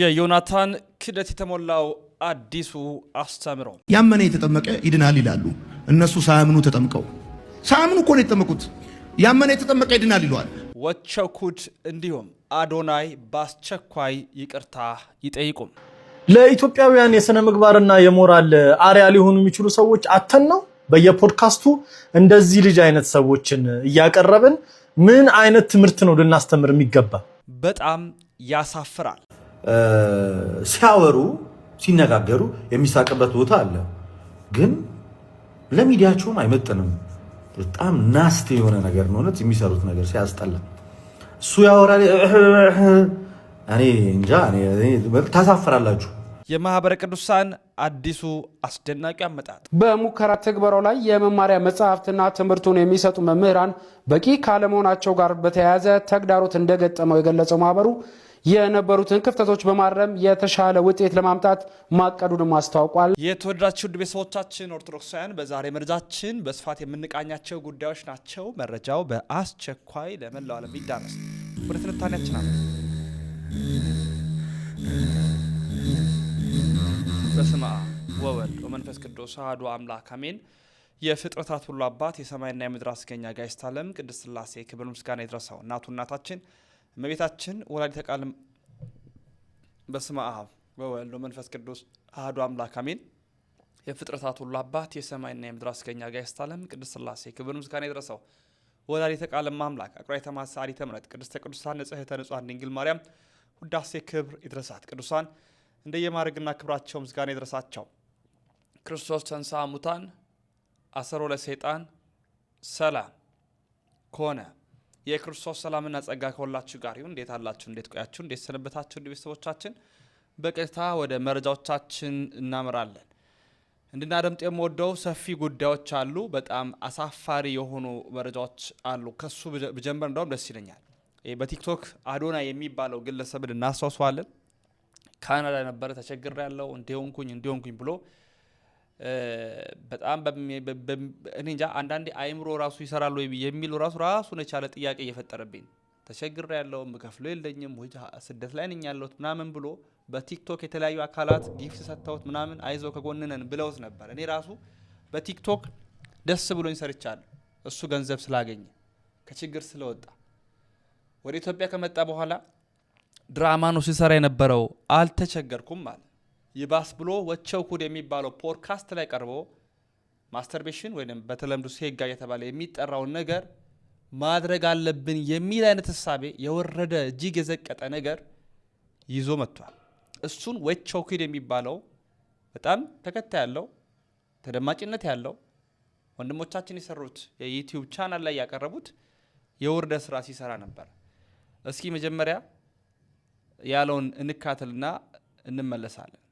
የዮናታን ክደት የተሞላው አዲሱ አስተምሮ ያመነ የተጠመቀ ይድናል ይላሉ። እነሱ ሳያምኑ ተጠምቀው ሳያምኑ እኮ ነው የተጠመቁት። ያመነ የተጠመቀ ይድናል ይለዋል። ወቸኩድ እንዲሁም አዶናይ በአስቸኳይ ይቅርታ ይጠይቁም። ለኢትዮጵያውያን የሥነ ምግባርና የሞራል አርያ ሊሆኑ የሚችሉ ሰዎች አተን ነው በየፖድካስቱ እንደዚህ ልጅ አይነት ሰዎችን እያቀረብን ምን አይነት ትምህርት ነው ልናስተምር የሚገባ? በጣም ያሳፍራል። ሲያወሩ ሲነጋገሩ የሚሳቅበት ቦታ አለ፣ ግን ለሚዲያቸውም አይመጥንም። በጣም ናስቲ የሆነ ነገር ነው እውነት የሚሰሩት ነገር ሲያስጠላ። እሱ ያወራል፣ እኔ እንጃ፣ ታሳፍራላችሁ። የማህበረ ቅዱሳን አዲሱ አስደናቂ አመጣጥ በሙከራ ትግበራው ላይ የመማሪያ መጽሐፍትና ትምህርቱን የሚሰጡ መምህራን በቂ ካለመሆናቸው ጋር በተያያዘ ተግዳሮት እንደገጠመው የገለጸው ማህበሩ የነበሩትን ክፍተቶች በማረም የተሻለ ውጤት ለማምጣት ማቀዱንም አስታውቋል። የተወደዳችሁ ውድ ቤተሰቦቻችን ኦርቶዶክሳውያን፣ በዛሬ መረጃችን በስፋት የምንቃኛቸው ጉዳዮች ናቸው። መረጃው በአስቸኳይ ለመላው ዓለም ይዳረስ ወደ ትንታኔያችን አለ በስመ አብ ወወልድ ወመንፈስ ቅዱስ አሐዱ አምላክ አሜን። የፍጥረታት ሁሉ አባት የሰማይና የምድር አስገኛ ጋይስታለም ቅድስት ሥላሴ ክብር ምስጋና ይድረሰው። እናቱ እናታችን እመቤታችን ወላዲተ ቃል በስመ አብ ወወልድ ወመንፈስ ቅዱስ አህዶ አምላክ አሜን። የፍጥረታት ሁሉ አባት የሰማይና የምድር አስገኛ ጋይስት ዓለም ቅድስት ስላሴ ክብር ምስጋና ይድረሰው። ወላዲተ ቃል አምላክ አቁራይ ተማሳሪ ተምረት ቅድስተ ቅዱሳን ንጽሕተ ንጹሐን ድንግል ማርያም ውዳሴ ክብር ይድረሳት። ቅዱሳን እንደየማድረግና ክብራቸው ምስጋና ይድረሳቸው። ክርስቶስ ተንሥአ እሙታን አሰሮ ለሰይጣን ሰላም ኮነ የክርስቶስ ሰላምና ጸጋ ከሁላችሁ ጋር ይሁን። እንዴት አላችሁ? እንዴት ቆያችሁ? እንዴት ሰነበታችሁ? እንደ ቤተሰቦቻችን በቀጥታ ወደ መረጃዎቻችን እናመራለን። እንድናደምጥ የምወደው ሰፊ ጉዳዮች አሉ። በጣም አሳፋሪ የሆኑ መረጃዎች አሉ። ከሱ ብጀምር እንደውም ደስ ይለኛል። በቲክቶክ አዶና የሚባለው ግለሰብን እናስታውሰዋለን። ካናዳ ነበረ ተቸግር ያለው እንዲሆንኩኝ እንዲሆንኩኝ ብሎ በጣም እኔ እንጃ አንዳንዴ አይምሮ ራሱ ይሰራል ወይ የሚሉ ራሱ ራሱን የቻለ ጥያቄ እየፈጠረብኝ ተቸግር ያለው ምከፍሎ የለኝም ስደት ላይ ነኝ ያለሁት ምናምን ብሎ በቲክቶክ የተለያዩ አካላት ጊፍት ሰጥተውት ምናምን አይዞ ከጎንነን ብለውት ነበር። እኔ ራሱ በቲክቶክ ደስ ብሎኝ ሰርቻለሁ። እሱ ገንዘብ ስላገኘ ከችግር ስለወጣ ወደ ኢትዮጵያ ከመጣ በኋላ ድራማ ነው ሲሰራ የነበረው። አልተቸገርኩም አለ። ይባስ ብሎ ኩድ የሚባለው ፖድካስት ላይ ቀርቦ ማስተርቤሽን ወይም በተለምዶ ሴጋ እየተባለ የሚጠራውን ነገር ማድረግ አለብን የሚል አይነት እሳቤ የወረደ እጅግ የዘቀጠ ነገር ይዞ መጥቷል። እሱን ኩድ የሚባለው በጣም ተከታይ ያለው ተደማጭነት ያለው ወንድሞቻችን የሰሩት የዩቲዩብ ቻናል ላይ ያቀረቡት የውርደ ስራ ሲሰራ ነበር። እስኪ መጀመሪያ ያለውን እንካትልና እንመለሳለን።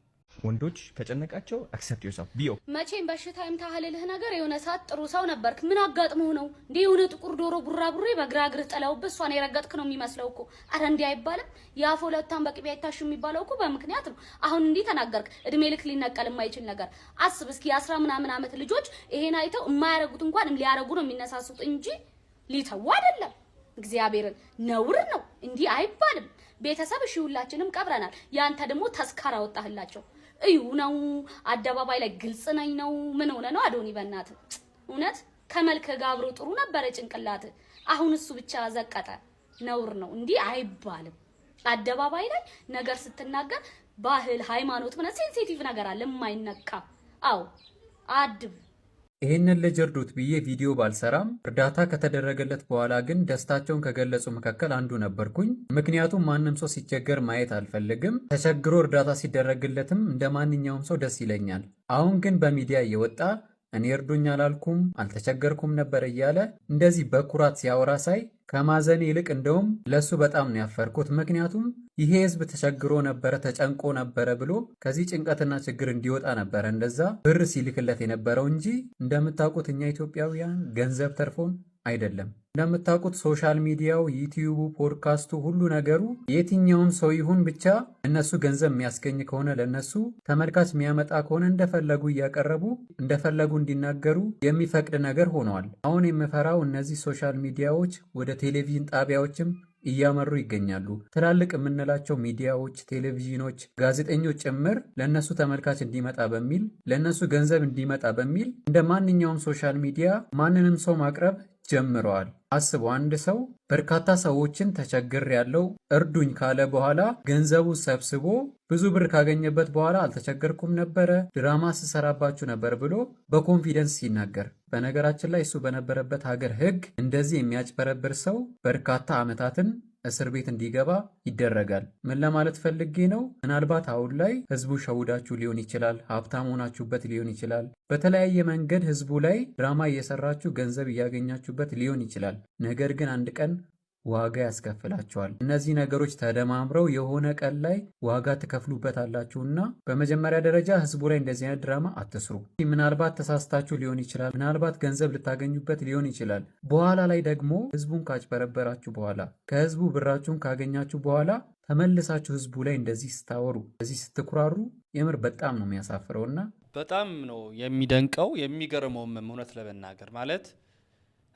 ወንዶች ከጨነቃቸው አክሰፕት ዮርሰልፍ ቢዮ መቼም በሽታ የምታህልልህ ነገር የሆነ ሰዓት ጥሩ ሰው ነበርክ። ምን አጋጥሞ ነው እንዴ? የሆነ ጥቁር ዶሮ ቡራቡሬ በግራ እግርህ ጥለውብህ እሷን የረገጥክ ነው የሚመስለው እኮ። አረ እንዲህ አይባልም። የአፍ ሁለቷን በቅቤ አይታሽ የሚባለው እኮ በምክንያት ነው። አሁን እንዲህ ተናገርክ። እድሜ ልክ ሊነቀል የማይችል ነገር አስብ እስኪ። የአስራ ምናምን ዓመት ልጆች ይሄን አይተው የማያረጉት እንኳን ሊያረጉ ነው የሚነሳሱት እንጂ ሊተው አይደለም። እግዚአብሔርን ነውር ነው። እንዲህ አይባልም። ቤተሰብ እሺ፣ ሁላችንም ቀብረናል። ያንተ ደግሞ ተስካራ ወጣህላቸው። እዩ ነው አደባባይ ላይ ግልጽ ነኝ ነው። ምን ሆነ ነው አዶኒ? በእናት እውነት ከመልክ ጋር አብሮ ጥሩ ነበረ ጭንቅላት። አሁን እሱ ብቻ ዘቀጠ። ነውር ነው እንዲህ አይባልም። አደባባይ ላይ ነገር ስትናገር ባህል፣ ሃይማኖት፣ ምናምን ሴንሲቲቭ ነገር አለ የማይነካ አዎ አድብ ይህንን ልጅ እርዱት ብዬ ቪዲዮ ባልሰራም እርዳታ ከተደረገለት በኋላ ግን ደስታቸውን ከገለጹ መካከል አንዱ ነበርኩኝ። ምክንያቱም ማንም ሰው ሲቸገር ማየት አልፈልግም። ተቸግሮ እርዳታ ሲደረግለትም እንደ ማንኛውም ሰው ደስ ይለኛል። አሁን ግን በሚዲያ እየወጣ እኔ እርዱኝ አላልኩም አልተቸገርኩም ነበር እያለ እንደዚህ በኩራት ሲያወራ ሳይ ከማዘኔ ይልቅ እንደውም ለሱ በጣም ነው ያፈርኩት። ምክንያቱም ይሄ ህዝብ ተቸግሮ ነበረ ተጨንቆ ነበረ ብሎ ከዚህ ጭንቀትና ችግር እንዲወጣ ነበረ እንደዛ ብር ሲልክለት የነበረው እንጂ እንደምታውቁት እኛ ኢትዮጵያውያን ገንዘብ ተርፎን አይደለም። እንደምታውቁት ሶሻል ሚዲያው፣ ዩቲዩቡ፣ ፖድካስቱ፣ ሁሉ ነገሩ የትኛውም ሰው ይሁን ብቻ እነሱ ገንዘብ የሚያስገኝ ከሆነ ለነሱ ተመልካች የሚያመጣ ከሆነ እንደፈለጉ እያቀረቡ እንደፈለጉ እንዲናገሩ የሚፈቅድ ነገር ሆነዋል። አሁን የምፈራው እነዚህ ሶሻል ሚዲያዎች ወደ ቴሌቪዥን ጣቢያዎችም እያመሩ ይገኛሉ። ትላልቅ የምንላቸው ሚዲያዎች፣ ቴሌቪዥኖች፣ ጋዜጠኞች ጭምር ለእነሱ ተመልካች እንዲመጣ በሚል ለእነሱ ገንዘብ እንዲመጣ በሚል እንደ ማንኛውም ሶሻል ሚዲያ ማንንም ሰው ማቅረብ ጀምረዋል። አስቡ አንድ ሰው በርካታ ሰዎችን ተቸግር ያለው እርዱኝ ካለ በኋላ ገንዘቡ ሰብስቦ ብዙ ብር ካገኘበት በኋላ አልተቸገርኩም ነበረ፣ ድራማ ስሰራባችሁ ነበር ብሎ በኮንፊደንስ ሲናገር፣ በነገራችን ላይ እሱ በነበረበት ሀገር ሕግ እንደዚህ የሚያጭበረብር ሰው በርካታ ዓመታትን እስር ቤት እንዲገባ ይደረጋል። ምን ለማለት ፈልጌ ነው? ምናልባት አሁን ላይ ህዝቡ ሸውዳችሁ ሊሆን ይችላል፣ ሀብታም ሆናችሁበት ሊሆን ይችላል፣ በተለያየ መንገድ ህዝቡ ላይ ድራማ እየሰራችሁ ገንዘብ እያገኛችሁበት ሊሆን ይችላል። ነገር ግን አንድ ቀን ዋጋ ያስከፍላቸዋል። እነዚህ ነገሮች ተደማምረው የሆነ ቀን ላይ ዋጋ ትከፍሉበት እና በመጀመሪያ ደረጃ ህዝቡ ላይ እንደዚህ አይነት ድራማ አትስሩ። ምናልባት ተሳስታችሁ ሊሆን ይችላል። ምናልባት ገንዘብ ልታገኙበት ሊሆን ይችላል። በኋላ ላይ ደግሞ ህዝቡን ካጭበረበራችሁ በኋላ ከህዝቡ ብራችሁን ካገኛችሁ በኋላ ተመልሳችሁ ህዝቡ ላይ እንደዚህ ስታወሩ፣ እዚህ ስትኩራሩ የምር በጣም ነው የሚያሳፍረው በጣም ነው የሚደንቀው የሚገርመውም እውነት ለመናገር ማለት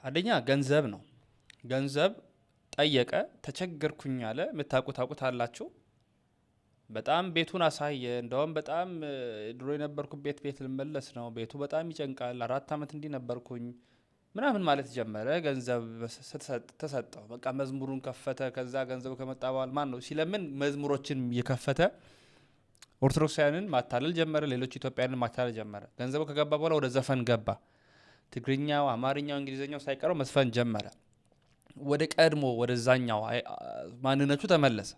አንደኛ ገንዘብ ነው ገንዘብ ጠየቀ። ተቸገርኩኝ አለ። የምታውቁ ታውቁት አላችሁ። በጣም ቤቱን አሳየ። እንደውም በጣም ድሮ የነበርኩት ቤት ቤት ልመለስ ነው፣ ቤቱ በጣም ይጨንቃል፣ አራት ዓመት እንዲህ ነበርኩኝ ምናምን ማለት ጀመረ። ገንዘብ ተሰጠው። በቃ መዝሙሩን ከፈተ። ከዛ ገንዘቡ ከመጣ በኋላ ማን ነው ሲለምን መዝሙሮችን የከፈተ ኦርቶዶክሳውያንን ማታለል ጀመረ። ሌሎች ኢትዮጵያንን ማታለል ጀመረ። ገንዘቡ ከገባ በኋላ ወደ ዘፈን ገባ። ትግርኛው፣ አማርኛው፣ እንግሊዝኛው ሳይቀረው መዝፈን ጀመረ። ወደ ቀድሞ ወደዛኛው ማንነቱ ተመለሰ።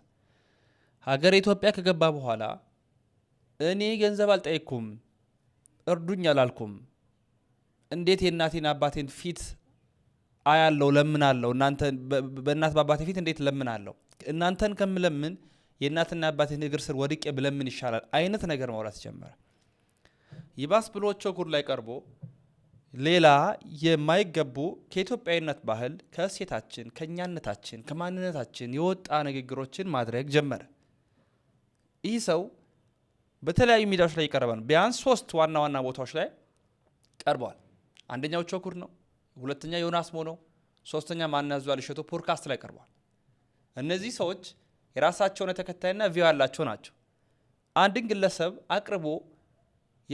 ሀገር ኢትዮጵያ ከገባ በኋላ እኔ ገንዘብ አልጠየኩም፣ እርዱኝ አላልኩም። እንዴት የእናቴን አባቴን ፊት አያለው ለምናለው? እናንተ በእናት በአባቴ ፊት እንዴት ለምናለው? እናንተን ከምለምን የእናትና አባቴን እግር ስር ወድቄ ብለምን ይሻላል አይነት ነገር ማውራት ጀመረ። ይባስ ብሎ ቸኩር ላይ ቀርቦ ሌላ የማይገቡ ከኢትዮጵያዊነት ባህል ከእሴታችን ከእኛነታችን ከማንነታችን የወጣ ንግግሮችን ማድረግ ጀመረ። ይህ ሰው በተለያዩ ሚዲያዎች ላይ ነው። ቢያንስ ሶስት ዋና ዋና ቦታዎች ላይ ቀርበዋል። አንደኛው ቸኩር ነው፣ ሁለተኛ ዮናስ ሞ ነው፣ ሶስተኛ ማናዟል እሸቱ ፖድካስት ላይ ቀርበዋል። እነዚህ ሰዎች የራሳቸው ተከታይና ቪው ያላቸው ናቸው። አንድን ግለሰብ አቅርቦ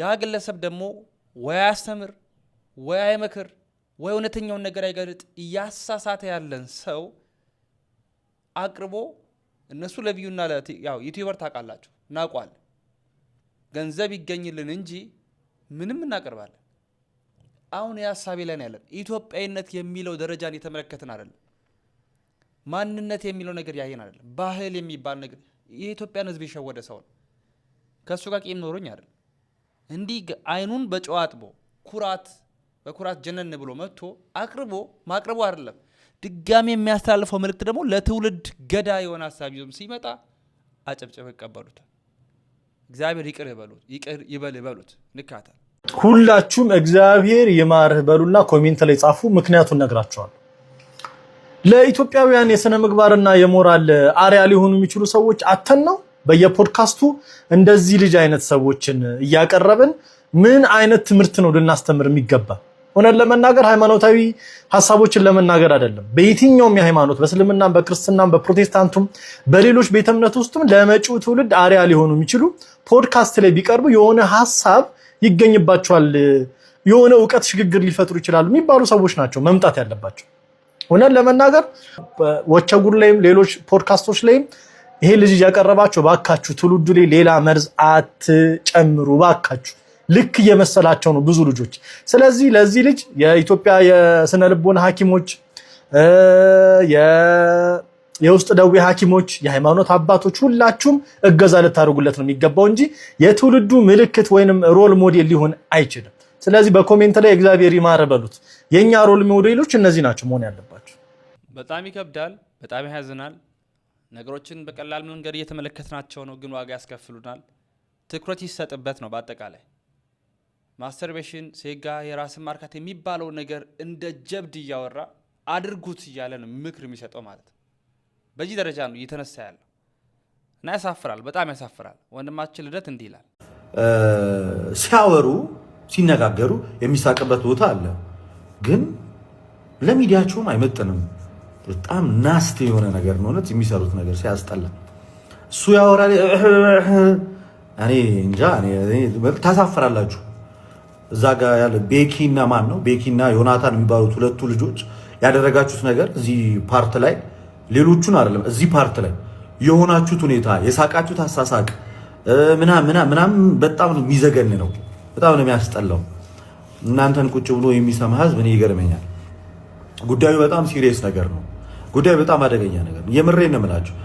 ያ ግለሰብ ደግሞ ወይ አያስተምር ወይ አይመክር ወይ እውነተኛውን ነገር አይገልጥ እያሳሳተ ያለን ሰው አቅርቦ እነሱ ለቪዩና ያው ዩቲዩበር ታውቃላችሁ፣ እናውቋል። ገንዘብ ይገኝልን እንጂ ምንም እናቀርባለን። አሁን የሀሳቤ ላይ ነው ያለን። ኢትዮጵያዊነት የሚለው ደረጃን የተመለከትን አይደለም። ማንነት የሚለው ነገር ያየን አይደለም። ባህል የሚባል ነገር የኢትዮጵያን ሕዝብ የሸወደ ሰው ነው። ከእሱ ጋር ቂም ኖሮኝ አይደለም። እንዲህ አይኑን በጨዋ አጥቦ ኩራት በኩራት ጀነን ብሎ መጥቶ አቅርቦ ማቅረቡ አይደለም። ድጋሚ የሚያስተላልፈው መልእክት ደግሞ ለትውልድ ገዳ የሆነ ሀሳብ ይዞም ሲመጣ አጨብጨበ ይቀበሉት። እግዚአብሔር ይቅር ይበሉት፣ ይቅር ይበል ይበሉት። ንካታል። ሁላችሁም እግዚአብሔር ይማርህ በሉና ኮሜንት ላይ ጻፉ። ምክንያቱን ነግራቸዋል። ለኢትዮጵያውያን የሥነ ምግባርና የሞራል አሪያ ሊሆኑ የሚችሉ ሰዎች አተን ነው በየፖድካስቱ እንደዚህ ልጅ አይነት ሰዎችን እያቀረብን ምን አይነት ትምህርት ነው ልናስተምር የሚገባ? ሆነ ለመናገር ሃይማኖታዊ ሀሳቦችን ለመናገር አይደለም። በየትኛውም የሃይማኖት በእስልምናም፣ በክርስትናም፣ በፕሮቴስታንቱም በሌሎች ቤተ እምነት ውስጥም ለመጪው ትውልድ አሪያ ሊሆኑ የሚችሉ ፖድካስት ላይ ቢቀርቡ የሆነ ሀሳብ ይገኝባቸዋል፣ የሆነ እውቀት ሽግግር ሊፈጥሩ ይችላሉ የሚባሉ ሰዎች ናቸው መምጣት ያለባቸው። ሆነን ለመናገር ወቸጉር ላይም ሌሎች ፖድካስቶች ላይም ይሄ ልጅ እያቀረባቸው ባካችሁ ትውልዱ ላይ ሌላ መርዝ አትጨምሩ ባካችሁ። ልክ እየመሰላቸው ነው ብዙ ልጆች። ስለዚህ ለዚህ ልጅ የኢትዮጵያ የስነ ልቦና ሐኪሞች የውስጥ ደዌ ሐኪሞች፣ የሃይማኖት አባቶች ሁላችሁም እገዛ ልታደርጉለት ነው የሚገባው እንጂ የትውልዱ ምልክት ወይንም ሮል ሞዴል ሊሆን አይችልም። ስለዚህ በኮሜንት ላይ እግዚአብሔር ይማረ በሉት። የእኛ ሮል ሞዴሎች እነዚህ ናቸው መሆን ያለባቸው። በጣም ይከብዳል፣ በጣም ያዝናል። ነገሮችን በቀላል መንገድ እየተመለከትናቸው ነው፣ ግን ዋጋ ያስከፍሉናል። ትኩረት ይሰጥበት ነው በአጠቃላይ ማስተርቤሽን፣ ሴጋ፣ የራስን ማርካት የሚባለው ነገር እንደ ጀብድ እያወራ አድርጉት እያለ ነው ምክር የሚሰጠው ማለት ነው። በዚህ ደረጃ ነው እየተነሳ ያለው እና ያሳፍራል፣ በጣም ያሳፍራል። ወንድማችን ልደት እንዲህ ይላል። ሲያወሩ ሲነጋገሩ የሚሳቅበት ቦታ አለ፣ ግን ለሚዲያቸውም አይመጥንም። በጣም ናስቲ የሆነ ነገር ነው እውነት የሚሰሩት ነገር ሲያስጠላ። እሱ ያወራል። እኔ እንጃ ታሳፍራላችሁ። እዛ ጋ ያለ ቤኪና ማን ነው ቤኪና ዮናታን የሚባሉት ሁለቱ ልጆች ያደረጋችሁት ነገር እዚህ ፓርት ላይ ሌሎቹን አይደለም፣ እዚህ ፓርት ላይ የሆናችሁት ሁኔታ የሳቃችሁት አሳሳቅ ምናምን ምናም በጣም ነው የሚዘገን ነው። በጣም ነው የሚያስጠላው። እናንተን ቁጭ ብሎ የሚሰማ ህዝብ እኔ ይገርመኛል። ጉዳዩ በጣም ሲሪየስ ነገር ነው። ጉዳዩ በጣም አደገኛ ነገር ነው። የምሬን ነው የምላችሁ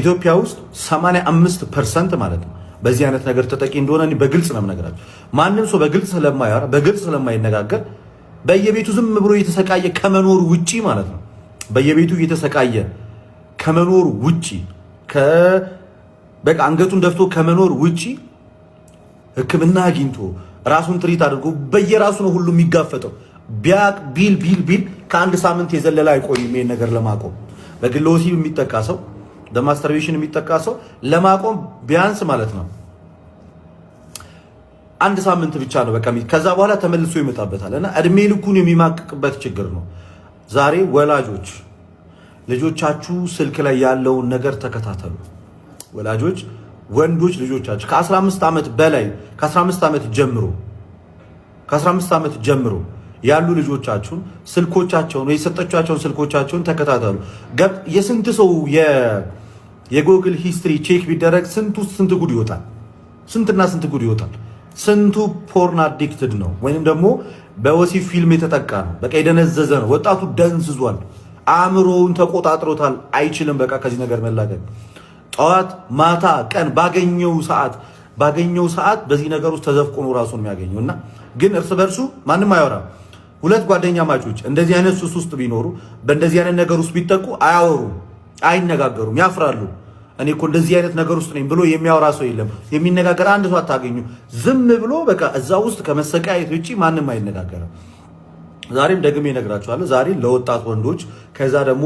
ኢትዮጵያ ውስጥ 85 ፐርሰንት ማለት ነው በዚህ አይነት ነገር ተጠቂ እንደሆነ እኔ በግልጽ ነው የምነግራቸው። ማንም ሰው በግልጽ ስለማያወራ በግልጽ ስለማይነጋገር በየቤቱ ዝም ብሎ እየተሰቃየ ከመኖር ውጪ ማለት ነው በየቤቱ እየተሰቃየ ከመኖር ውጪ በቃ አንገቱን ደፍቶ ከመኖር ውጪ ሕክምና አግኝቶ ራሱን ትሪት አድርጎ በየራሱ ነው ሁሉ የሚጋፈጠው። ቢያቅ ቢል ቢል ቢል ከአንድ ሳምንት የዘለለ አይቆይም። ይሄን ነገር ለማቆም በግሎሲ የሚጠቃ ሰው በማስተርቤሽን የሚጠቃ ሰው ለማቆም ቢያንስ ማለት ነው አንድ ሳምንት ብቻ ነው በቃ። ከዛ በኋላ ተመልሶ ይመጣበታል እና እድሜ ልኩን የሚማቅቅበት ችግር ነው። ዛሬ ወላጆች ልጆቻችሁ ስልክ ላይ ያለውን ነገር ተከታተሉ። ወላጆች ወንዶች ልጆቻችሁ ከ15 ዓመት በላይ ከ15 ዓመት ጀምሮ ከ15 ዓመት ጀምሮ ያሉ ልጆቻችሁን ስልኮቻቸውን ወይ የሰጠቻቸውን ስልኮቻቸውን ተከታተሉ። የስንት ሰው የጎግል ሂስትሪ ቼክ ቢደረግ ስንቱ ስንት ጉድ ይወጣል? ስንትና ስንት ጉድ ይወጣል? ስንቱ ፖርን አዲክትድ ነው፣ ወይም ደግሞ በወሲብ ፊልም የተጠቃ ነው። በቃ የደነዘዘ ነው። ወጣቱ ደንዝዟል። አእምሮውን ተቆጣጥሮታል። አይችልም። በቃ ከዚህ ነገር መላቀቅ ጠዋት፣ ማታ፣ ቀን ባገኘው ሰዓት ባገኘው ሰዓት በዚህ ነገር ውስጥ ተዘፍቆ ነው ራሱን የሚያገኘው እና ግን እርስ በርሱ ማንም አያወራም። ሁለት ጓደኛ ማቾች እንደዚህ አይነት ሱስ ውስጥ ቢኖሩ በእንደዚህ አይነት ነገር ውስጥ ቢጠቁ አያወሩም፣ አይነጋገሩም፣ ያፍራሉ። እኔ እኮ እንደዚህ አይነት ነገር ውስጥ ነኝ ብሎ የሚያወራ ሰው የለም። የሚነጋገር አንድ ሰው አታገኙ። ዝም ብሎ በቃ እዛ ውስጥ ከመሰቃየት ውጪ ማንም አይነጋገርም። ዛሬም ደግሜ እነግራቸዋለሁ። ዛሬ ለወጣት ወንዶች፣ ከዛ ደግሞ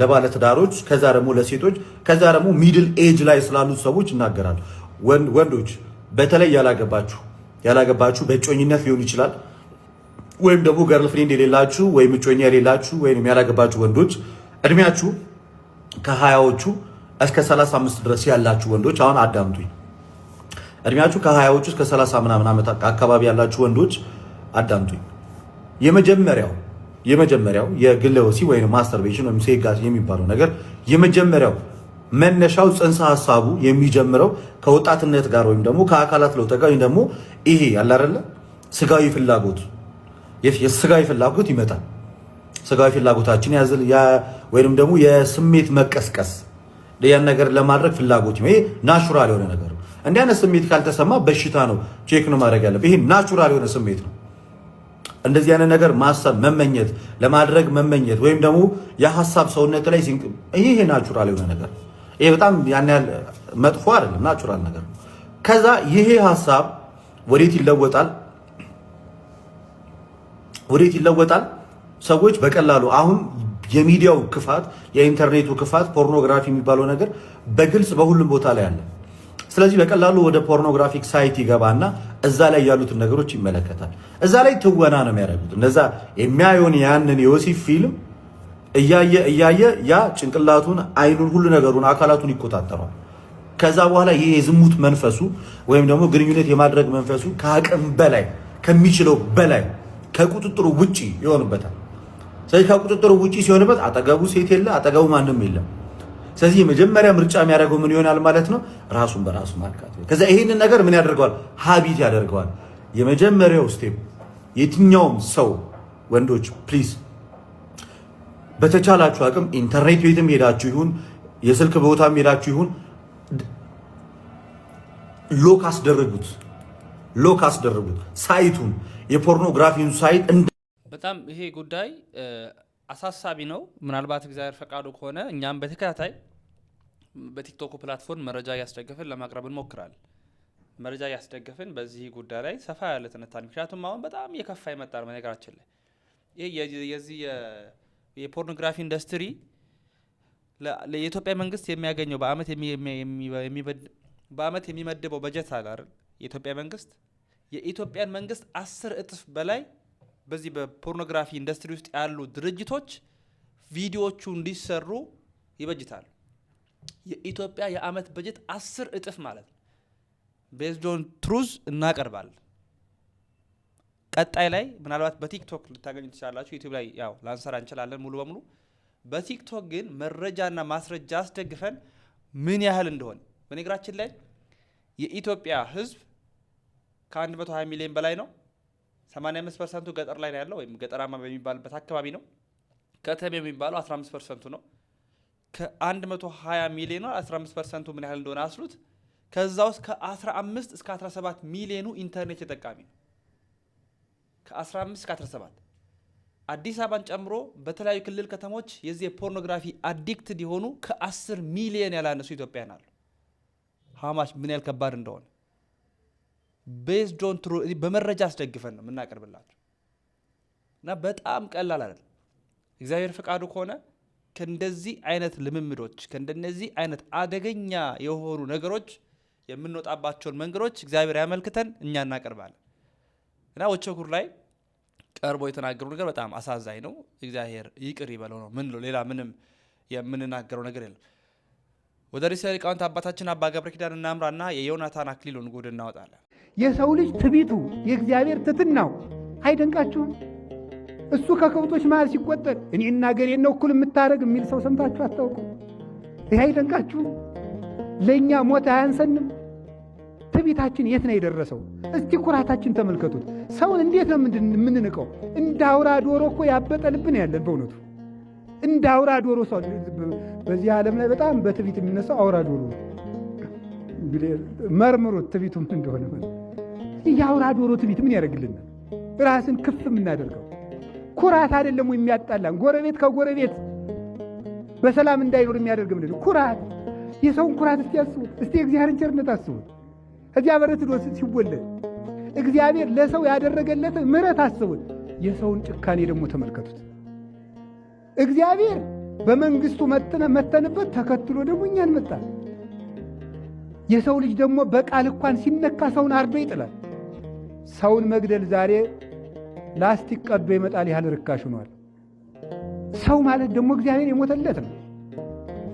ለባለትዳሮች፣ ከዛ ደግሞ ለሴቶች፣ ከዛ ደግሞ ሚድል ኤጅ ላይ ስላሉት ሰዎች እናገራለሁ። ወንዶች በተለይ ያላገባችሁ ያላገባችሁ በእጮኝነት ሊሆን ይችላል ወይም ደግሞ ገርል ፍሬንድ የሌላችሁ ወይም እጮኛ የሌላችሁ ወይም ያላገባችሁ ወንዶች እድሜያችሁ ከሀያዎቹ እስከ 35 ድረስ ያላችሁ ወንዶች አሁን አዳምጡኝ። እድሜያችሁ ከሀያዎቹ እስከ 30 ምናምን ዓመት አካባቢ ያላችሁ ወንዶች አዳምጡኝ። የመጀመሪያው የመጀመሪያው የግለ ወሲብ ወይም ማስተርቤሽን ወይም ሴጋ የሚባለው ነገር የመጀመሪያው መነሻው ጽንሰ ሀሳቡ የሚጀምረው ከወጣትነት ጋር ወይም ደግሞ ከአካላት ለውጥ ጋር ወይም ደግሞ ይሄ ያላረለ ስጋዊ ፍላጎት የስጋዊ ፍላጎት ይመጣል። ስጋዊ ፍላጎታችን ያዝል ወይንም ደግሞ የስሜት መቀስቀስ ያን ነገር ለማድረግ ፍላጎት ይሄ ናቹራል የሆነ ነገር ነው። እንዲህ አይነት ስሜት ካልተሰማ በሽታ ነው፣ ቼክ ነው ማድረግ ያለብህ። ይሄ ናቹራል የሆነ ስሜት ነው። እንደዚህ አይነት ነገር ማሰብ መመኘት፣ ለማድረግ መመኘት ወይም ደግሞ የሀሳብ ሰውነት ላይ ሲንቅ ይሄ ናቹራል የሆነ ነገር ይሄ በጣም ያን ያህል መጥፎ አይደለም፣ ናቹራል ነገር ነው። ከዛ ይሄ ሀሳብ ወዴት ይለወጣል? ወዴት ይለወጣል? ሰዎች በቀላሉ አሁን የሚዲያው ክፋት፣ የኢንተርኔቱ ክፋት፣ ፖርኖግራፊ የሚባለው ነገር በግልጽ በሁሉም ቦታ ላይ አለ። ስለዚህ በቀላሉ ወደ ፖርኖግራፊክ ሳይት ይገባና እዛ ላይ ያሉትን ነገሮች ይመለከታል። እዛ ላይ ትወና ነው የሚያደርጉት። እነዛ የሚያየውን ያንን የወሲብ ፊልም እያየ እያየ ያ ጭንቅላቱን፣ አይኑን፣ ሁሉ ነገሩን፣ አካላቱን ይቆጣጠረዋል። ከዛ በኋላ ይሄ የዝሙት መንፈሱ ወይም ደግሞ ግንኙነት የማድረግ መንፈሱ ከአቅም በላይ ከሚችለው በላይ ከቁጥጥሩ ውጪ ይሆንበታል። ስለዚህ ከቁጥጥሩ ውጪ ሲሆንበት አጠገቡ ሴት የለ፣ አጠገቡ ማንም የለም። ስለዚህ የመጀመሪያ ምርጫ የሚያደርገው ምን ይሆናል ማለት ነው? ራሱን በራሱ ማርካት። ከዛ ይህንን ነገር ምን ያደርገዋል? ሀቢት ያደርገዋል። የመጀመሪያው ስቴፕ የትኛውም ሰው ወንዶች ፕሊዝ በተቻላችሁ አቅም ኢንተርኔት ቤትም ሄዳችሁ ይሁን የስልክ ቦታም ሄዳችሁ ይሁን ሎክ አስደርጉት፣ ሎክ አስደርጉት ሳይቱን የፖርኖግራፊን ሳይት በጣም ይሄ ጉዳይ አሳሳቢ ነው። ምናልባት እግዚአብሔር ፈቃዱ ከሆነ እኛም በተከታታይ በቲክቶክ ፕላትፎርም መረጃ እያስደገፍን ለማቅረብ እንሞክራል። መረጃ እያስደገፍን በዚህ ጉዳይ ላይ ሰፋ ያለ ትንታኔ ምክንያቱም አሁን በጣም የከፋ ይመጣል። በነገራችን ላይ የዚህ የፖርኖግራፊ ኢንዱስትሪ የኢትዮጵያ መንግስት የሚያገኘው በአመት የሚመድበው በጀት አለ አይደል? የኢትዮጵያ መንግስት የኢትዮጵያን መንግስት አስር እጥፍ በላይ በዚህ በፖርኖግራፊ ኢንዱስትሪ ውስጥ ያሉ ድርጅቶች ቪዲዮዎቹ እንዲሰሩ ይበጅታሉ። የኢትዮጵያ የአመት በጀት አስር እጥፍ ማለት ነው። ቤዝዶን ትሩዝ እናቀርባለን። ቀጣይ ላይ ምናልባት በቲክቶክ ልታገኙ ትችላላችሁ። ዩቲዩብ ላይ ያው ላንሰራ እንችላለን ሙሉ በሙሉ በቲክቶክ ግን መረጃና ማስረጃ አስደግፈን ምን ያህል እንደሆነ በነገራችን ላይ የኢትዮጵያ ህዝብ ከ120 ሚሊዮን በላይ ነው። 85 ፐርሰንቱ ገጠር ላይ ነው ያለው ወይም ገጠራማ በሚባልበት አካባቢ ነው። ከተማ የሚባለው 15 ፐርሰንቱ ነው። ከ120 ሚሊዮኑ 15 ፐርሰንቱ ምን ያህል እንደሆነ አስሉት። ከዛ ውስጥ ከ15 እስከ 17 ሚሊዮኑ ኢንተርኔት ተጠቃሚ ነው። ከ15 እስከ 17 አዲስ አበባን ጨምሮ በተለያዩ ክልል ከተሞች የዚህ የፖርኖግራፊ አዲክትድ የሆኑ ከ10 ሚሊዮን ያላነሱ ኢትዮጵያን አሉ። ሀማሽ ምን ያህል ከባድ እንደሆነ ቤዝድ ኦን ትሩ በመረጃ አስደግፈን ነው የምናቀርብላቸው እና በጣም ቀላል አይደለም። እግዚአብሔር ፈቃዱ ከሆነ ከእንደዚህ አይነት ልምምዶች ከእንደነዚህ አይነት አደገኛ የሆኑ ነገሮች የምንወጣባቸውን መንገዶች እግዚአብሔር ያመልክተን እኛ እናቀርባለን እና ወቸኩር ላይ ቀርቦ የተናገሩ ነገር በጣም አሳዛኝ ነው። እግዚአብሔር ይቅር ይበለው ነው ምን ሌላ ምንም የምንናገረው ነገር የለም። ወደ ርዕሰ ሊቃውንት አባታችን አባ ገብረ ኪዳን እናምራና የዮናታን አክሊሉን ጉድ እናወጣለን። የሰው ልጅ ትቢቱ የእግዚአብሔር ትትናው አይደንቃችሁም? እሱ ከከብቶች መሃል ሲቆጠር እኔና ገሌን ነው እኩል የምታደርግ የሚል ሰው ሰምታችሁ አታውቁ? ይህ አይደንቃችሁም? ለእኛ ሞት አያንሰንም? ትቢታችን የት ነው የደረሰው? እስቲ ኩራታችን ተመልከቱት። ሰውን እንዴት ነው የምንንቀው? እንደ አውራ ዶሮ እኮ ያበጠ ልብን ያለን በእውነቱ እንደ አውራ ዶሮ ሰው በዚህ ዓለም ላይ በጣም በትቢት የሚነሳው አውራ ዶሮ ነው። እንግዲህ ትቢቱ ምን እንደሆነ ማለት የአውራ ዶሮ ትቢት ምን ያደርግልናል? ራስን ክፍ የምናደርገው ኩራት አይደለም የሚያጣላን ጎረቤት ከጎረቤት በሰላም እንዳይኖር የሚያደርግ ምንድን ኩራት። የሰውን ኩራት እስቲ ያስቡት፣ እስቲ የእግዚአብሔርን ቸርነት አስቡት። እዚያ በረት ዶስ ሲወለድ እግዚአብሔር ለሰው ያደረገለት ምሕረት አስቡት። የሰውን ጭካኔ ደግሞ ተመልከቱት። እግዚአብሔር በመንግስቱ መጥነ መተንበት ተከትሎ ደግሞ እኛን መጣል የሰው ልጅ ደግሞ በቃል እንኳን ሲነካ ሰውን አርዶ ይጥላል። ሰውን መግደል ዛሬ ላስቲክ ቀዶ ይመጣል ያህል ርካሽ ሆኗል። ሰው ማለት ደግሞ እግዚአብሔር የሞተለት ነው።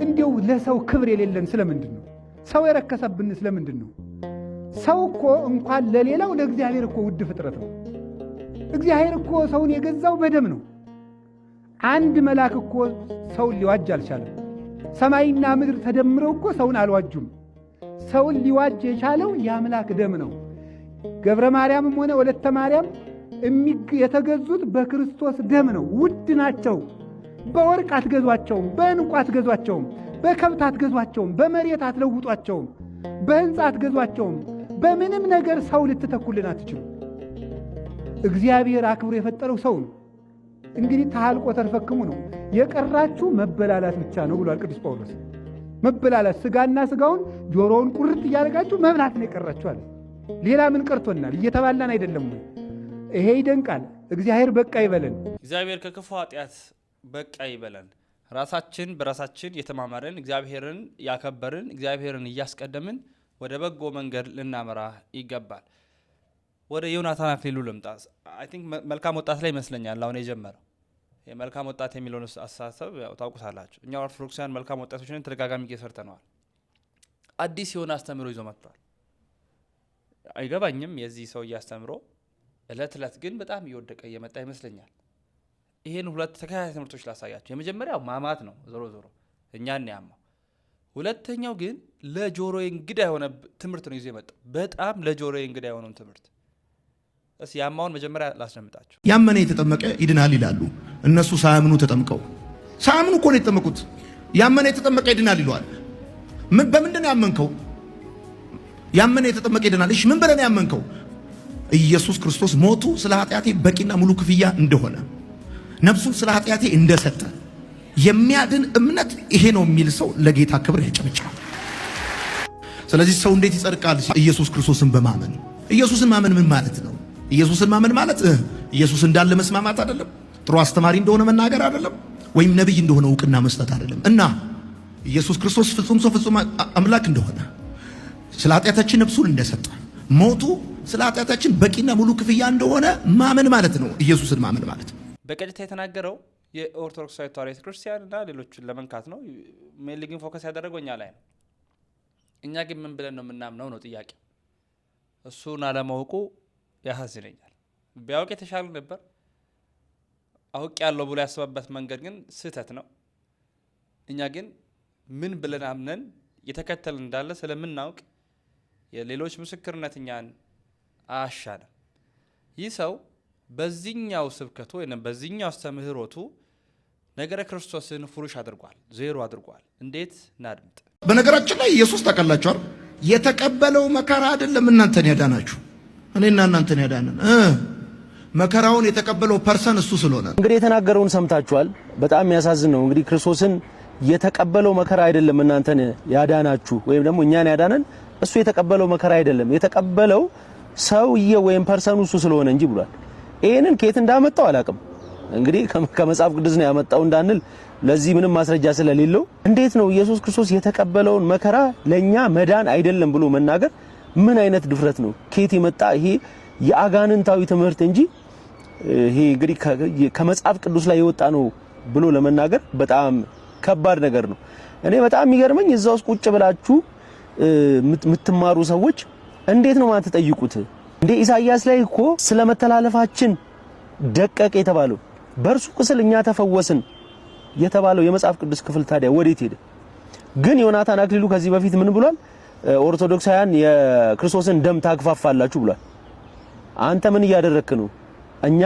እንዲው ለሰው ክብር የሌለን ስለምንድን ነው? ሰው የረከሰብን ስለምንድን ነው? ሰው እኮ እንኳን ለሌላው ለእግዚአብሔር እኮ ውድ ፍጥረት ነው። እግዚአብሔር እኮ ሰውን የገዛው በደም ነው። አንድ መልአክ እኮ ሰውን ሊዋጅ አልቻለም። ሰማይና ምድር ተደምረው እኮ ሰውን አልዋጁም። ሰውን ሊዋጅ የቻለው የአምላክ ደም ነው። ገብረ ማርያምም ሆነ ወለተ ማርያም የተገዙት በክርስቶስ ደም ነው። ውድ ናቸው። በወርቅ አትገዟቸውም፣ በእንቁ አትገዟቸውም፣ በከብት አትገዟቸውም፣ በመሬት አትለውጧቸውም፣ በህንፃ አትገዟቸውም። በምንም ነገር ሰው ልትተኩልን አትችሉ። እግዚአብሔር አክብሮ የፈጠረው ሰው ነው። እንግዲህ ታልቆ ተርፈክሙ ነው የቀራችሁ መበላላት ብቻ ነው ብሏል ቅዱስ ጳውሎስ። መበላላት ስጋና ስጋውን ጆሮውን ቁርጥ እያደረጋችሁ መብላት ነው የቀራችሁ አለ። ሌላ ምን ቀርቶናል? እየተባላን አይደለም ወይ? ይሄ ይደንቃል። እግዚአብሔር በቃ ይበለን። እግዚአብሔር ከክፉ ኃጢአት በቃ ይበለን። ራሳችን በራሳችን የተማመርን እግዚአብሔርን ያከበርን እግዚአብሔርን እያስቀደምን ወደ በጎ መንገድ ልናመራ ይገባል። ወደ ዮናታን አክሊሉ ልምጣ። አይ ቲንክ መልካም ወጣት ላይ ይመስለኛል አሁን የጀመረው መልካም ወጣት የሚለውን አስተሳሰብ ታውቁታላችሁ። እኛ ኦርቶዶክሳውያን መልካም ወጣቶች ተደጋጋሚ ጊዜ ሰርተነዋል። አዲስ የሆነ አስተምሮ ይዞ መጥቷል። አይገባኝም የዚህ ሰው አስተምሮ። እለት እለት ግን በጣም እየወደቀ እየመጣ ይመስለኛል። ይህን ሁለት ተከታታይ ትምህርቶች ላሳያቸው። የመጀመሪያው ማማት ነው፣ ዞሮ ዞሮ እኛን ያማው። ሁለተኛው ግን ለጆሮዬ እንግዳ የሆነ ትምህርት ነው ይዞ የመጣው። በጣም ለጆሮዬ እንግዳ የሆነውን ትምህርት እስ ያማውን መጀመሪያ ላስደምጣችሁ። ያመነ የተጠመቀ ይድናል ይላሉ እነሱ። ሳያምኑ ተጠምቀው ሳያምኑ እኮ ነው የተጠመቁት። ያመነ የተጠመቀ ይድናል ይለዋል። በምንድን ያመንከው? ያመነ የተጠመቀ ይድናል። እሺ ምን ብለን ያመንከው? ኢየሱስ ክርስቶስ ሞቱ ስለ ኃጢአቴ በቂና ሙሉ ክፍያ እንደሆነ ነፍሱን ስለ ኃጢአቴ እንደሰጠ የሚያድን እምነት ይሄ ነው የሚል ሰው ለጌታ ክብር ያጨብጫ። ስለዚህ ሰው እንዴት ይጸድቃል? ኢየሱስ ክርስቶስን በማመን ኢየሱስን ማመን ምን ማለት ነው? ኢየሱስን ማመን ማለት ኢየሱስ እንዳለ መስማማት አይደለም። ጥሩ አስተማሪ እንደሆነ መናገር አይደለም። ወይም ነቢይ እንደሆነ እውቅና መስጠት አይደለም። እና ኢየሱስ ክርስቶስ ፍጹም ሰው ፍጹም አምላክ እንደሆነ ስለ ኃጢአታችን ነፍሱን እንደሰጠ ሞቱ ስለ ኃጢአታችን በቂና ሙሉ ክፍያ እንደሆነ ማመን ማለት ነው። ኢየሱስን ማመን ማለት በቀጥታ የተናገረው የኦርቶዶክስ ተዋሕዶ ቤተክርስቲያን እና ሌሎችን ለመንካት ነው። ሜሊግን ፎከስ ያደረገው እኛ ላይ ነው። እኛ ግን ምን ብለን ነው የምናምነው ነው ጥያቄ። እሱን አለማወቁ ያሳዝነኛል። ቢያውቅ የተሻለ ነበር። አውቅ ያለው ብሎ ያስበበት መንገድ ግን ስህተት ነው። እኛ ግን ምን ብለን አምነን የተከተል እንዳለ ስለምናውቅ የሌሎች ምስክርነት እኛን አያሻንም። ይህ ሰው በዚህኛው ስብከቱ ወይም በዚህኛው አስተምህሮቱ ነገረ ክርስቶስን ፉሩሽ አድርጓል፣ ዜሮ አድርጓል። እንዴት እናድምጥ? በነገራችን ላይ ኢየሱስ ተቀላችኋል። የተቀበለው መከራ አይደለም እናንተን ያዳናችሁ እኔና እናንተን ያዳንን መከራውን የተቀበለው ፐርሰን እሱ ስለሆነ እንግዲህ የተናገረውን ሰምታችኋል። በጣም የሚያሳዝን ነው። እንግዲህ ክርስቶስን የተቀበለው መከራ አይደለም እናንተን ያዳናችሁ ወይም ደግሞ እኛን ያዳነን እሱ የተቀበለው መከራ አይደለም። የተቀበለው ሰውዬ ወይም ፐርሰኑ እሱ ስለሆነ እንጂ ብሏል። ይሄንን ከየት እንዳመጣው አላቅም። እንግዲህ ከመጽሐፍ ቅዱስ ነው ያመጣው እንዳንል ለዚህ ምንም ማስረጃ ስለሌለው እንዴት ነው ኢየሱስ ክርስቶስ የተቀበለውን መከራ ለኛ መዳን አይደለም ብሎ መናገር ምን አይነት ድፍረት ነው? ከየት የመጣ ይሄ? የአጋንንታዊ ትምህርት እንጂ ይሄ እንግዲህ ከመጽሐፍ ቅዱስ ላይ የወጣ ነው ብሎ ለመናገር በጣም ከባድ ነገር ነው። እኔ በጣም የሚገርመኝ እዛ ውስጥ ቁጭ ብላችሁ የምትማሩ ሰዎች እንዴት ነው ማለት ተጠይቁት። እንደ ኢሳይያስ ላይ እኮ ስለ መተላለፋችን ደቀቀ የተባለው በእርሱ ቁስል እኛ ተፈወስን የተባለው የመጽሐፍ ቅዱስ ክፍል ታዲያ ወዴት ሄደ? ግን ዮናታን አክሊሉ ከዚህ በፊት ምን ብሏል? ኦርቶዶክሳውያን የክርስቶስን ደም ታክፋፋላችሁ ብሏል። አንተ ምን እያደረክ ነው? እኛ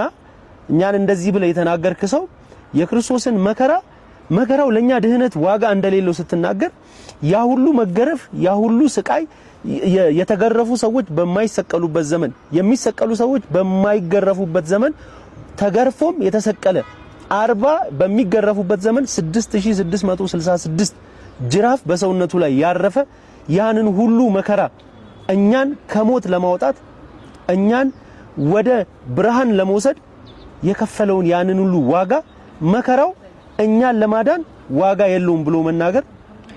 እኛን እንደዚህ ብለህ የተናገርክ ሰው የክርስቶስን መከራ መከራው ለኛ ድህነት ዋጋ እንደሌለው ስትናገር ያ ሁሉ መገረፍ ያ ሁሉ ስቃይ የተገረፉ ሰዎች በማይሰቀሉበት ዘመን የሚሰቀሉ ሰዎች በማይገረፉበት ዘመን ተገርፎም የተሰቀለ አርባ በሚገረፉበት ዘመን 6666 ጅራፍ በሰውነቱ ላይ ያረፈ ያንን ሁሉ መከራ እኛን ከሞት ለማውጣት እኛን ወደ ብርሃን ለመውሰድ የከፈለውን ያንን ሁሉ ዋጋ መከራው እኛን ለማዳን ዋጋ የለውም ብሎ መናገር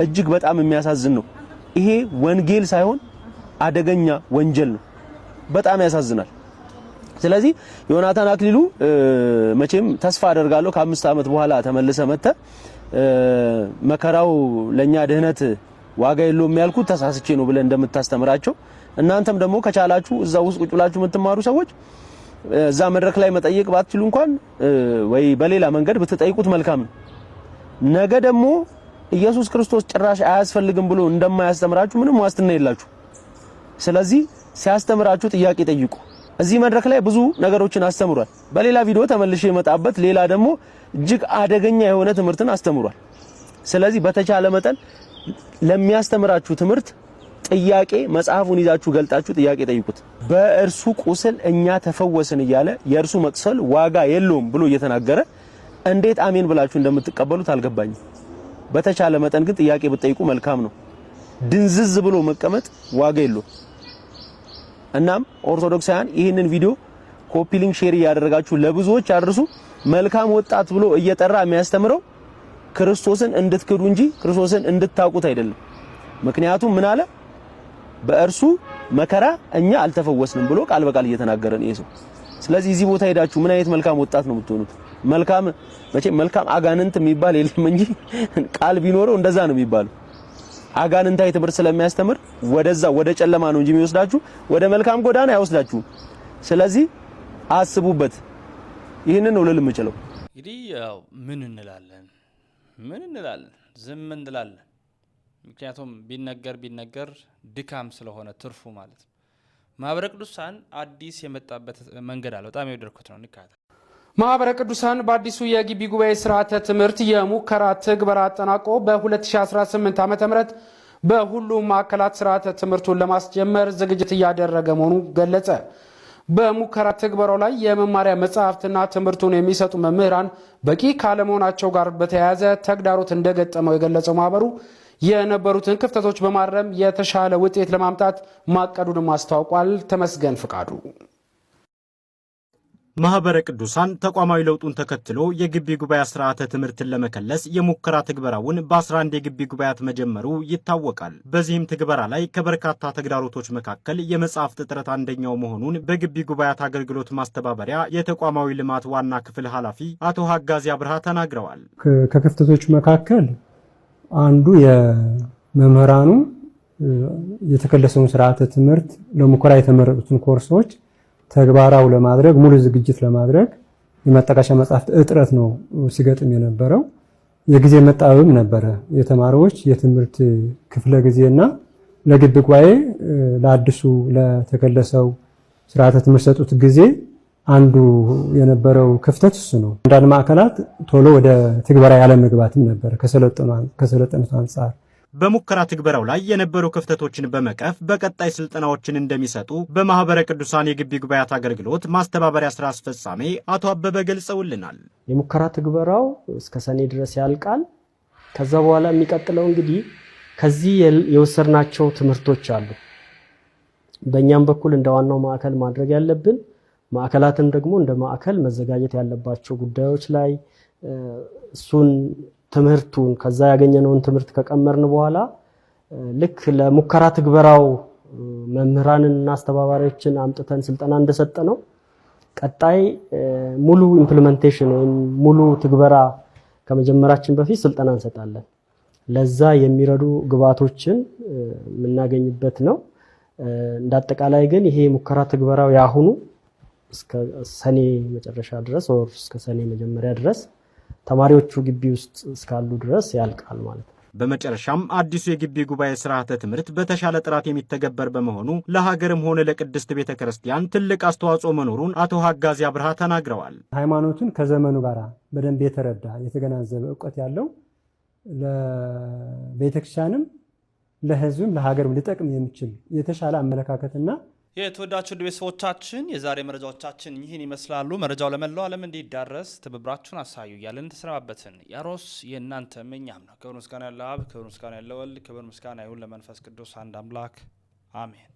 እጅግ በጣም የሚያሳዝን ነው። ይሄ ወንጌል ሳይሆን አደገኛ ወንጀል ነው። በጣም ያሳዝናል። ስለዚህ ዮናታን አክሊሉ መቼም ተስፋ አደርጋለሁ ከአምስት ዓመት በኋላ ተመልሰ መጥተ መከራው ለኛ ድህነት ዋጋ የለውም ያልኩት ተሳስቼ ነው ብለን እንደምታስተምራቸው እናንተም ደግሞ ከቻላችሁ እዛ ውስጥ ቁጭ ብላችሁ የምትማሩ ሰዎች እዛ መድረክ ላይ መጠየቅ ባትችሉ እንኳን ወይ በሌላ መንገድ ብትጠይቁት መልካም ነው። ነገ ደግሞ ኢየሱስ ክርስቶስ ጭራሽ አያስፈልግም ብሎ እንደማያስተምራችሁ ምንም ዋስትና የላችሁ። ስለዚህ ሲያስተምራችሁ ጥያቄ ጠይቁ። እዚህ መድረክ ላይ ብዙ ነገሮችን አስተምሯል። በሌላ ቪዲዮ ተመልሼ የመጣበት ሌላ ደግሞ እጅግ አደገኛ የሆነ ትምህርትን አስተምሯል። ስለዚህ በተቻለ መጠን ለሚያስተምራችሁ ትምህርት ጥያቄ መጽሐፉን ይዛችሁ ገልጣችሁ ጥያቄ ጠይቁት። በእርሱ ቁስል እኛ ተፈወስን እያለ የእርሱ መቁሰል ዋጋ የለውም ብሎ እየተናገረ እንዴት አሜን ብላችሁ እንደምትቀበሉት አልገባኝም። በተቻለ መጠን ግን ጥያቄ ብትጠይቁ መልካም ነው። ድንዝዝ ብሎ መቀመጥ ዋጋ የለውም። እናም ኦርቶዶክሳውያን ይህንን ቪዲዮ ኮፒ ሊንክ ሼር እያደረጋችሁ ለብዙዎች አድርሱ። መልካም ወጣት ብሎ እየጠራ የሚያስተምረው ክርስቶስን እንድትክዱ እንጂ ክርስቶስን እንድታውቁት አይደለም። ምክንያቱም ምን አለ? በእርሱ መከራ እኛ አልተፈወስንም ብሎ ቃል በቃል እየተናገረን ነው ሰው። ስለዚህ እዚህ ቦታ ሄዳችሁ ምን አይነት መልካም ወጣት ነው የምትሆኑት? መልካም መቼ መልካም አጋንንት የሚባል የለም እንጂ ቃል ቢኖረው እንደዛ ነው የሚባለው። አጋንንታዊ ትምህርት ስለሚያስተምር ወደዛ ወደ ጨለማ ነው እንጂ የሚወስዳችሁ ወደ መልካም ጎዳና አይወስዳችሁም። ስለዚህ አስቡበት። ይህንን ነው ልል የምችለው። እንግዲህ ምን እንላለን? ምን እንላለን? ዝም እንላለን። ምክንያቱም ቢነገር ቢነገር ድካም ስለሆነ ትርፉ ማለት ነው። ማህበረ ቅዱሳን አዲስ የመጣበት መንገድ አለ። በጣም የወደድኩት ነው። እንካያለን። ማህበረ ቅዱሳን በአዲሱ የግቢ ጉባኤ ስርዓተ ትምህርት የሙከራ ትግበራ አጠናቆ በ2018 ዓ ም በሁሉም ማዕከላት ስርዓተ ትምህርቱን ለማስጀመር ዝግጅት እያደረገ መሆኑ ገለጸ። በሙከራ ትግበራው ላይ የመማሪያ መጽሐፍትና ትምህርቱን የሚሰጡ መምህራን በቂ ካለመሆናቸው ጋር በተያያዘ ተግዳሮት እንደገጠመው የገለጸው ማህበሩ የነበሩትን ክፍተቶች በማረም የተሻለ ውጤት ለማምጣት ማቀዱንም አስታውቋል። ተመስገን ፍቃዱ ማህበረ ቅዱሳን ተቋማዊ ለውጡን ተከትሎ የግቢ ጉባኤ ስርዓተ ትምህርትን ለመከለስ የሙከራ ትግበራውን በ11 የግቢ ጉባኤያት መጀመሩ ይታወቃል። በዚህም ትግበራ ላይ ከበርካታ ተግዳሮቶች መካከል የመጽሐፍት እጥረት አንደኛው መሆኑን በግቢ ጉባኤያት አገልግሎት ማስተባበሪያ የተቋማዊ ልማት ዋና ክፍል ኃላፊ አቶ ሀጋዚ አብርሃ ተናግረዋል። ከክፍተቶች መካከል አንዱ የመምህራኑ የተከለሰውን ስርዓተ ትምህርት ለሙከራ የተመረጡትን ኮርሶች ተግባራው ለማድረግ ሙሉ ዝግጅት ለማድረግ የማጣቀሻ መጽሐፍት እጥረት ነው ሲገጥም የነበረው። የጊዜ መጣበብም ነበረ። የተማሪዎች የትምህርት ክፍለ ጊዜና ለግቢ ጉባኤ ለአዲሱ ለተከለሰው ስርዓተ ትምህርት ሰጡት ጊዜ አንዱ የነበረው ክፍተት እሱ ነው። አንዳንድ ማዕከላት ቶሎ ወደ ትግበራ ያለመግባትም ነበረ ከሰለጠኑት አንጻር በሙከራ ትግበራው ላይ የነበሩ ክፍተቶችን በመቀፍ በቀጣይ ስልጠናዎችን እንደሚሰጡ በማህበረ ቅዱሳን የግቢ ጉባኤያት አገልግሎት ማስተባበሪያ ስራ አስፈጻሚ አቶ አበበ ገልጸውልናል። የሙከራ ትግበራው እስከ ሰኔ ድረስ ያልቃል። ከዛ በኋላ የሚቀጥለው እንግዲህ ከዚህ የወሰድናቸው ትምህርቶች አሉ። በእኛም በኩል እንደ ዋናው ማዕከል ማድረግ ያለብን ማዕከላትም ደግሞ እንደ ማዕከል መዘጋጀት ያለባቸው ጉዳዮች ላይ እሱን ትምህርቱን ከዛ ያገኘነውን ትምህርት ከቀመርን በኋላ ልክ ለሙከራ ትግበራው መምህራንና አስተባባሪዎችን አምጥተን ስልጠና እንደሰጠ ነው። ቀጣይ ሙሉ ኢምፕሊመንቴሽን ወይም ሙሉ ትግበራ ከመጀመራችን በፊት ስልጠና እንሰጣለን። ለዛ የሚረዱ ግብዓቶችን የምናገኝበት ነው። እንደ አጠቃላይ ግን ይሄ ሙከራ ትግበራው ያሁኑ እስከ ሰኔ መጨረሻ ድረስ ወር እስከ ሰኔ መጀመሪያ ድረስ ተማሪዎቹ ግቢ ውስጥ እስካሉ ድረስ ያልቃል ማለት ነው። በመጨረሻም አዲሱ የግቢ ጉባኤ ስርዓተ ትምህርት በተሻለ ጥራት የሚተገበር በመሆኑ ለሀገርም ሆነ ለቅድስት ቤተ ክርስቲያን ትልቅ አስተዋጽኦ መኖሩን አቶ ሀጋዚ አብርሃ ተናግረዋል። ሃይማኖቱን ከዘመኑ ጋር በደንብ የተረዳ የተገናዘበ እውቀት ያለው ለቤተክርስቲያንም ለሕዝብም ለሀገርም ሊጠቅም የሚችል የተሻለ አመለካከትና የተወዳችሁ ቤተሰቦቻችን የዛሬ መረጃዎቻችን ይህን ይመስላሉ። መረጃው ለመላው ዓለም እንዲዳረስ ትብብራችሁን አሳዩ እያለን ተሰናባበትን። ያሮስ የእናንተ መኛም ነው። ክብር ምስጋና ያለ አብ፣ ክብር ምስጋና ያለ ወልድ፣ ክብር ምስጋና ይሁን ለመንፈስ ቅዱስ አንድ አምላክ አሜን።